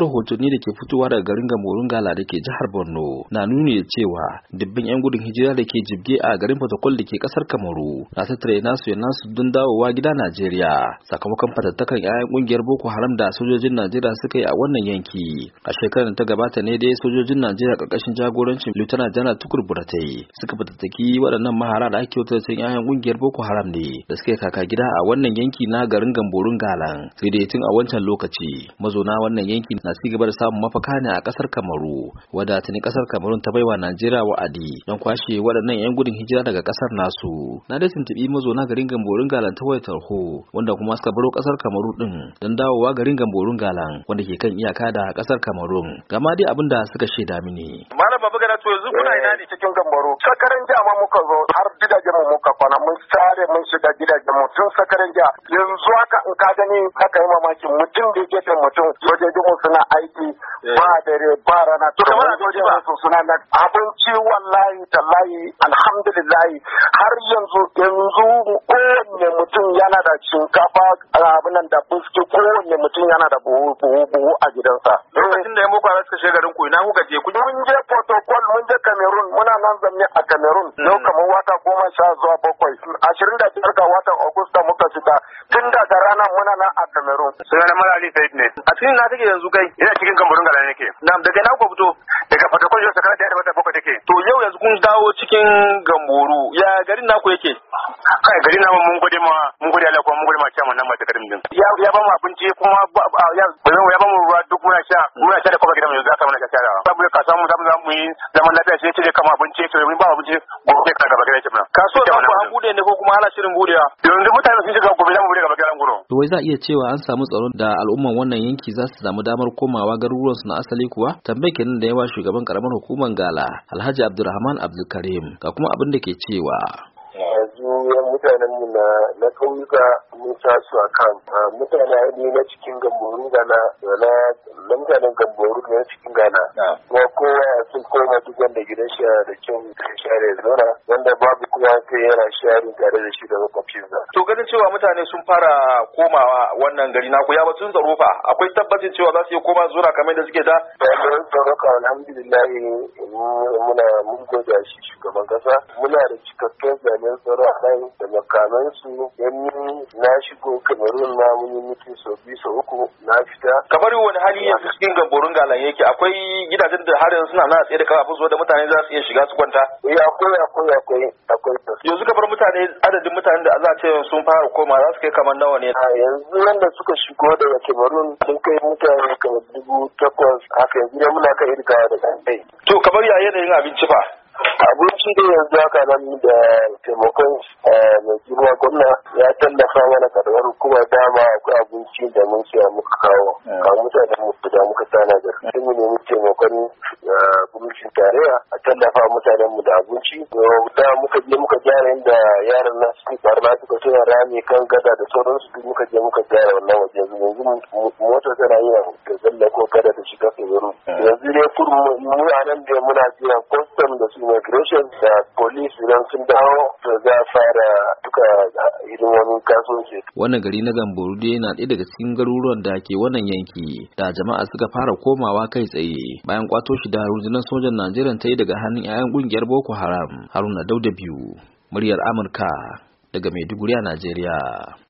rahotanni da ke fitowa daga garin gamorun gala da ke jihar borno na nuni da cewa dubbin yan gudun hijira da ke jibge a garin protocol da ke kasar kamaru na tare nasu ya nasu don dawowa gida najeriya sakamakon fatattakan yayan kungiyar boko haram da sojojin najeriya suka yi a wannan yanki a shekarar da ta gabata ne dai sojojin najeriya karkashin jagorancin lieutenant janar tukur buratai suka fatattaki waɗannan mahara da ake sun yayan kungiyar boko haram ne da suka yi kaka gida a wannan yanki na garin gamborun gala sai dai tun a wancan lokaci mazauna wannan yanki na ci gaba da samun mafaka ne a kasar Kamaru wadda tuni kasar Kamarun ta baiwa Najeriya wa'adi don kwashe waɗannan 'yan gudun hijira daga kasar nasu. Na dai mazo mazauna garin Gamborin Galan ta wayar tarho wanda kuma suka baro kasar Kamaru din don dawowa garin Gamborin Galan wanda ke kan iyaka da kasar Kamarun. Gama dai abin da suka shaida mini. Malam Babu Gana to yanzu kuna ina ne cikin gamboro Sakaran jama muka zo har gidajen mu muka kwana mun sare mun shiga gidajen mu tun sakaran jiya yanzu haka in ka gani haka yi mamakin mutum da gefen mutum sojojin mu suna suna aiki ba dare ba rana to kamar abinci ba su suna nan abinci wallahi tallahi alhamdulillah har yanzu yanzu kowanne mutum yana da shinkafa a abinan da fuske kowane mutum yana da buhu buhu a gidansa. Lokacin da ya muku suka kashe garin ku ina kuka je ku. Mun je protocol mun je Cameroon muna nan zanne a Cameroon. Hmm. Yau kamar wata goma sha zuwa bakwai ashirin da biyar ga watan Agusta muka fita tun daga rana muna nan a Cameroon. Sunana Mala Ali Said ne. A cikin na take yanzu kai ina cikin Cameroon ga nake. Na daga na ku fito daga protocol yau sakar da ya tabbata kun dawo cikin Gamboru ya garin naku yake? Kai garin namu mun gode ma mun gode Allah kuma mun gode ma cewa nan a garin din. Ya ya ba mu abinci kuma ya ba mu ruwa duk muna sha muna sha da kuma gidan mu yanzu aka muna sha sha. Saboda ka samu zamu zamu yi zaman lafiya sai ce kama abinci to mun ba abinci gobe ka gaba gidan mu. Kasuwa ku an bude ne ko kuma ala shirin budewa? Yanzu mutane sun shiga gobe zamu tsaro. To za a iya cewa an samu tsaron da al'umman wannan yanki za su samu damar komawa garuruwan su na asali kuwa? Tambayar kenan da yawa shugaban karamar hukumar Gala Alhaji Abdulrahman Abdulkarim ga kuma abin da ke cewa. Yanzu mutanen mu na na kauyuka mun sa su a kan mutane ne na cikin gamboru gana na na mutanen gamboru na cikin gana kuma kowa sun koma duk wanda gidan shi da kyan share zauna wanda babu kuma sai yana sharing tare da shi da makwabcinsa. To ganin cewa mutane sun fara komawa wannan gari naku ya tun tsaro fa akwai tabbacin cewa za su iya koma zuwa kamar da suke da. Bayan tsaro ka alhamdulillah muna mun goda shi shugaban kasa muna da cikakken zanen tsaro a kan makamansu yanni na shigo kamarun na mun mutum sau biyu sau uku na fita. kamar wani hali yanzu cikin gamborun galan yake akwai gidajen da har yanzu suna na tsaye da kafafun da mutane za su iya shiga su kwanta. eh akwai akwai akwai akwai. yanzu kamar mutane adadin mutanen da za a ce sun fara koma za su kai kamar nawa ne. a yanzu wanda suka shigo daga kamarun sun kai mutane kamar dubu takwas haka yanzu muna kan kawai da ɗan to kamar ya yanayin abinci fa. abinci da yanzu haka nan da taimakon eh, mai girma gwamna ya tallafa mana karbar kuma dama akwai abinci da mun siya muka kawo eh. ga mutane da muka tanadar sun mu nemi taimakon eh, gwamnati tarayya a tallafa mutanen mu da abinci da muka je muka gyara inda yaran nan suke barna suka tuna rami kan gada da sauransu duk muka je muka gyara wannan waje yanzu mota tana yi da zalla ko gada da shiga tsoro yanzu ne kurmu mu a nan da muna jiran kwastam da su ne immigration da police idan sun dawo to za a fara duka hidimomin kasuwanci. Wannan gari na Gamboru dai na ɗaya daga cikin garuruwan da ke wannan yanki da jama'a suka fara komawa kai tsaye bayan kwato shi da rundunar sojan Najeriya ta yi daga hannun 'ya'yan ƙungiyar Boko Haram Haruna Dauda biyu muryar Amurka daga Maiduguri a Najeriya.